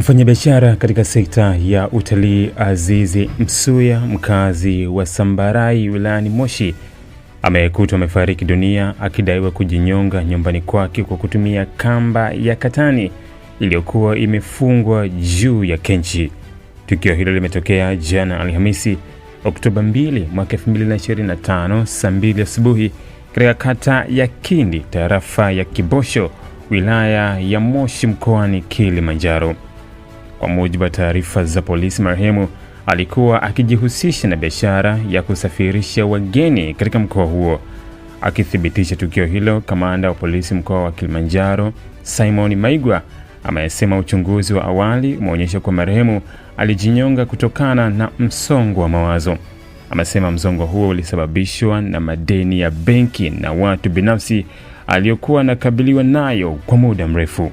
Mfanyabiashara katika sekta ya utalii Azizi Msuya, mkazi wa Sambarai wilayani Moshi, amekutwa amefariki dunia akidaiwa kujinyonga nyumbani kwake kwa kutumia kamba ya katani iliyokuwa imefungwa juu ya kenchi. Tukio hilo limetokea jana Alhamisi, Oktoba 2 mwaka 2025 saa 2 asubuhi katika kata ya Kindi, tarafa ya Kibosho, wilaya ya Moshi mkoani Kilimanjaro. Kwa mujibu wa taarifa za polisi, marehemu alikuwa akijihusisha na biashara ya kusafirisha wageni katika mkoa huo. Akithibitisha tukio hilo, kamanda wa polisi mkoa wa Kilimanjaro Simon Maigwa amesema uchunguzi wa awali umeonyesha kuwa marehemu alijinyonga kutokana na msongo wa mawazo. Amesema msongo huo ulisababishwa na madeni ya benki na watu binafsi aliyokuwa anakabiliwa nayo kwa muda mrefu.